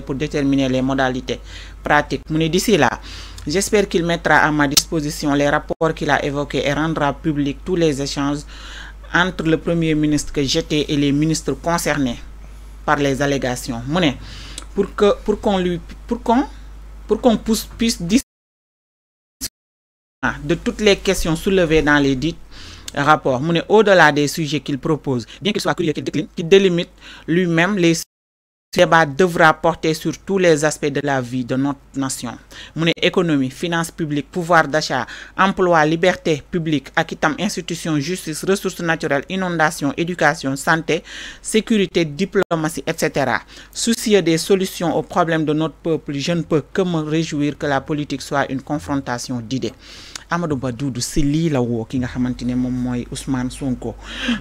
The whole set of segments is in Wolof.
pour déterminer les modalités pratiques. D'ici là, j'espère qu'il mettra à ma disposition les rapports qu'il a évoqués et rendra public tous les échanges entre le Premier ministre que j'étais et les ministres concernés par les allégations. pour que pour qu'on lui pour qu'on pour qu'on puisse discuter de toutes les questions soulevées dans les dites rapports. Au-delà des sujets qu'il propose, bien qu'il soit que qu'il délimite lui-même les ce débat devra porter sur tous les aspects de la vie de notre nation Monnaie, économie finances publiques, pouvoir d'achat emploi liberté publique ak justice ressources naturelles inondations, éducation santé sécurité diplomatie etc soucieux des solutions aux problèmes de notre peuple je ne peux que me réjouir que la politique soit une confrontation d'idées Amadou Ba Doudou la Ousmane Sonko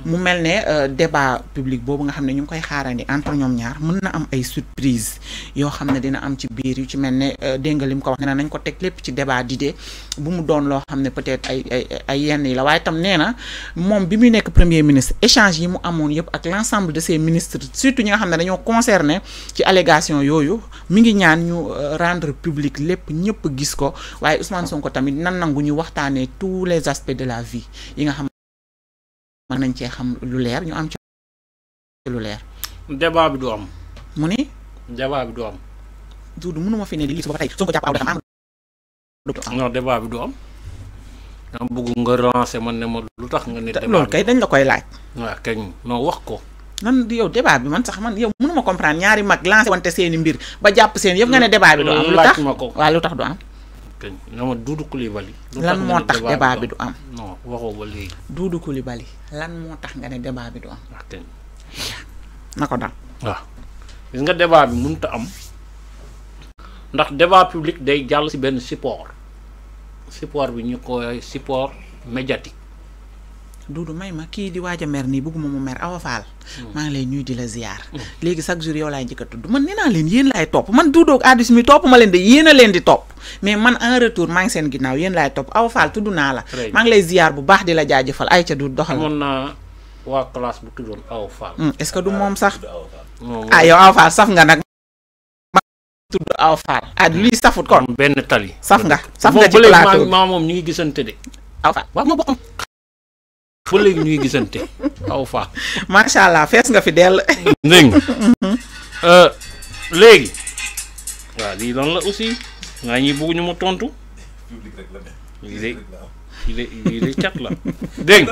mu euh, débat public ne entre nous ñaar am ay surprise yoo xam ne dina am ci biir yu ci mel ne euh, dégg li mu ko wax ne na nañ ko teg lépp ci débat d'idée bu mu doon loo xam ne peut-être ay ay yenn yi la waaye tam nee na moom bi muy nekk premier ministre échange yi mu amoon yëpp ak l'ensemble de ses ministres surtout ñi nga xam ne dañoo concerné ci allégation yooyu mi ngi ñaan ñu euh, rendre publique lépp ñëpp gis ko waaye Ousmane ko tamit nan nangu ñu waxtaanee tous les aspects de la vie yi nga xam mën nañ cee xam lu leer ñu am muni jawab du am du du munuma fi ne li suba tay tey japp aw dafa am. non débat bi du am. dama bugu nga relancer man ne ma lutax nga. ne débat loolu kay dañ la koy laaj. wa kay no wax ko. nan di yow débat bi man sax man yow munuma comprendre ñaari mag lancer wante seeni mbir ba japp seen yef nga ne débat bi du am. lutax wa lutax du am. kañ na ma Doudou Coulibaly. lan mo tax débat bi du am. non waxo ba léegi. Doudou Coulibaly lan mo tax nga ne débat bi du am. na ko dal waaw gis nga débat bi mënta am ndax débat public day jall si benn support support bi ñu koy support médiatique dudu may ma kii di waaja mer nii bugguma mu mer awa faal hmm. maa ngi lay ñuy di la ziar hmm. léegi chaque jour yow laay njëkk a tudd man nee naa leen yéen laay topp man duudoog addis mi topp ma leen de yéen a leen di topp mais man en retour maa ngi seen ginnaaw yéen laay topp awa faal tudd naa la maa ngi lay ziar bu baax di la jaajëfal ay ca duud doxal waa classe bu tuddoon Awa Fall. Hmm, est ce que du moom sax. ah yow Awa Fall saf nga nag. ma tudd Awa Fall. ah hmm. luy safut kon. benn tali. saf nga saf nga ci plateau bi moom ñu ngi gisante de. Awa Fall waaw léegi ñu gisante Awa Fall. macha allah fees nga fi dell. dégg mhm. euh, léegi. waaw lii lan la aussi. ngaa ñuy bugg mu tontu. lii de lii de lii de cat la dégg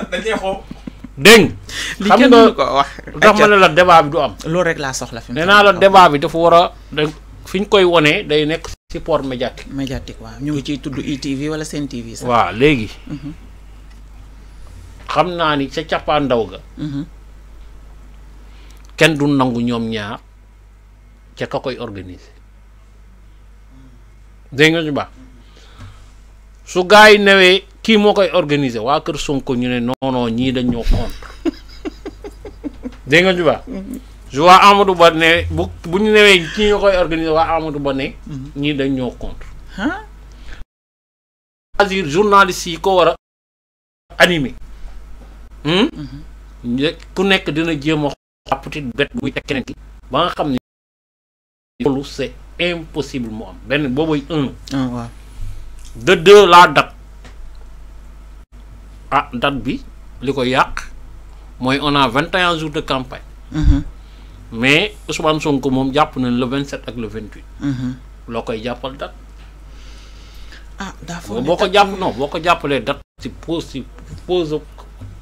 dégg nga. xam nga ko wax. ndax ma ne la débat bi du am. loolu laa soxla fi nee naa la débat bi dafa war a fi ñu koy wonee day nekk support médiatique. médiatique waa ñu ngi ciy tudd ITV e wala Sen TV sax. léegi. Mhm. xam naa ni ca cappaandaw ga. Mhm. kenn du nangu ñoom ñaar ca ka koy organiser. dégg nga baax su gaa newee. kii moo koy organiser waa Kër Sonko ñu ne non ñii dañ ñoo contre dégg juba je mhm. vois Ba ne bu bu newee kii ñoo koy organiser waa Amadou Ba ne. Mhm. ñii dañ ñoo contre. cest à yi ko war a animer. Hmm? Mhm. ku nekk dina jéem a xool petite bête buy teg keneen ki ba nga xam ne loolu c'est impossible mu am benn boobay un. Ah, de deux ah date bi li ko yàq mooy on a vingt et un jours de campagne. Mm-hmm. mais Ousmane Sonko moom jàpp nañ la vingt sept ak le vingt huit. Mm-hmm. loo koy jàppal date. ah boo ko jàpp non boo ko jàppalee date. ci pose ci pose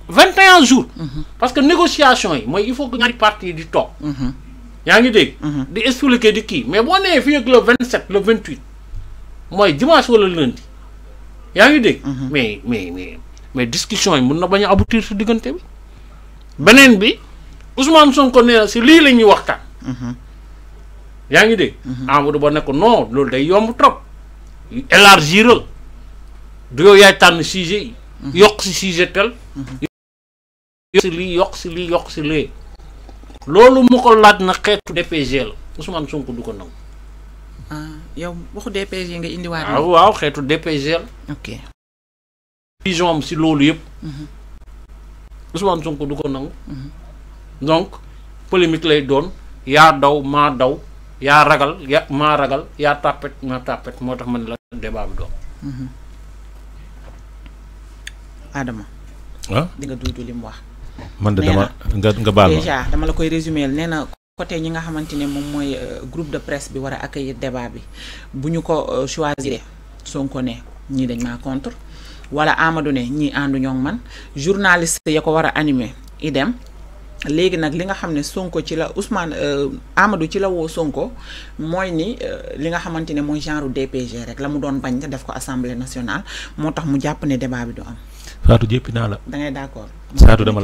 vingt et un jours. Mm-hmm. parce que négociation yi mooy il faut que ñaari parti di toog. yaa ngi dégg. di expliquer di kii mais boo nee fii ak le vingt sept le vingt huit mooy dimanche wala lundi yaa ngi dégg. mais mais mais. mais discussion yi mën na bañ a aboutir si diggante bi beneen bi Ousmane Sonko nee na si lii la ñuy waxtaan. Mhm. yaa ngi dégg. Mhm. Amadou Ba ne ko non loolu day yomb trop élargiral du yow yaay tànn sujet yi. Mhm. yokk si sujet tel. yokk si lii yokk si lii yokk si lee. loolu mu ko laaj na xeetu DPG la Ousmane Sonko du ko nangu. Ah, yow waxu DPG nga indi waat waaw ah, waaw xeetu DPG la. ok. vision si loolu yëpp. Mhm. Ousmane du ko nangu. Mhm. donc lay doon yaa daw maa daw yaa ragal ya maa ragal yaa tàppet maa moo tax man la débat bi mhm. di nga duudu li mu wax. man de dama nga nga baal ma déjà dama la koy résumer nee na côté ñi nga xamante ne moom mooy euh, groupe de presse bi war a accueillir débat bi bu ñu ko euh, choisir Sonko ne ñii dañ maa contre. wala Amadou ne ñii ànduñoo ak man journaliste ya ko war a animé dem léegi nag li nga xam ne Sonko ci la Ousmane euh, Amadou ci la woo Sonko mooy ni euh, li nga xamante ne mooy genre DPG rek la mu doon bañ def ko assemblée nationale moo tax mu jàpp ne débat bi du am. Fatou jéppi naa la. da ngay d'accord. Fatou